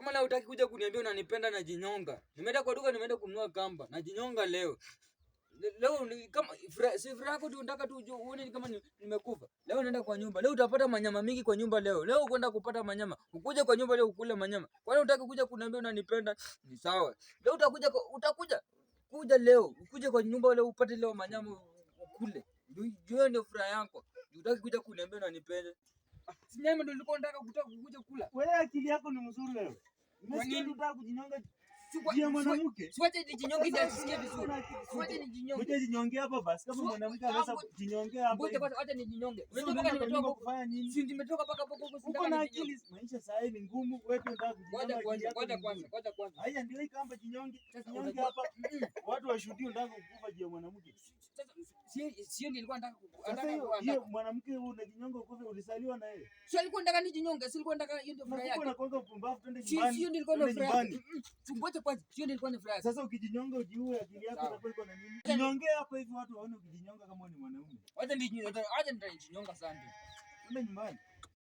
Kama leo utaki kuja kuniambia unanipenda na jinyonga. Nimeenda kwa duka nimeenda kununua kamba na jinyonga leo. Leo ni kama si furaha yako tu nataka tu uone kama nimekufa. Leo naenda kwa nyumba. Leo utapata manyama mingi kwa nyumba leo. Leo kwenda kupata manyama. Ukuje kwa nyumba leo ukule manyama. Kwa nini hutaki kuja kuniambia unanipenda? Ni sawa. Leo utakuja utakuja kuja leo. Ukuje kwa nyumba leo upate leo manyama ukule. Ndio ndio furaha yako. Hutaki kuja kuniambia unanipenda. Ah, Sinema ndio nilikuwa nataka kukuja kula. Wewe akili yako ni mzuri leo. Unataka kujinyonga mwanamke? Siwache nijinyonge ngumu mashuhudio ndio kukufa je mwanamke. Sio nilikuwa nataka mwanamke huyu unajinyonga ukufe, ulisaliwa na yeye. Sio alikuwa nataka nijinyonge, sio alikuwa nataka hiyo ndio furaha yake. Mbona kwanza upumbavu, twende nyumbani. Sio ndio na furaha yake. Tumbote mm, mm, kwanza, sio ndio na furaha Sasa ukijinyonga ujiue akili yako itakuwa iko na nini? Yaani- Jinyongea hapa hivi watu waone ukijinyonga kama ni mwanaume. Wacha nijinyonga, wacha nitajinyonga sana. Twende nyumbani.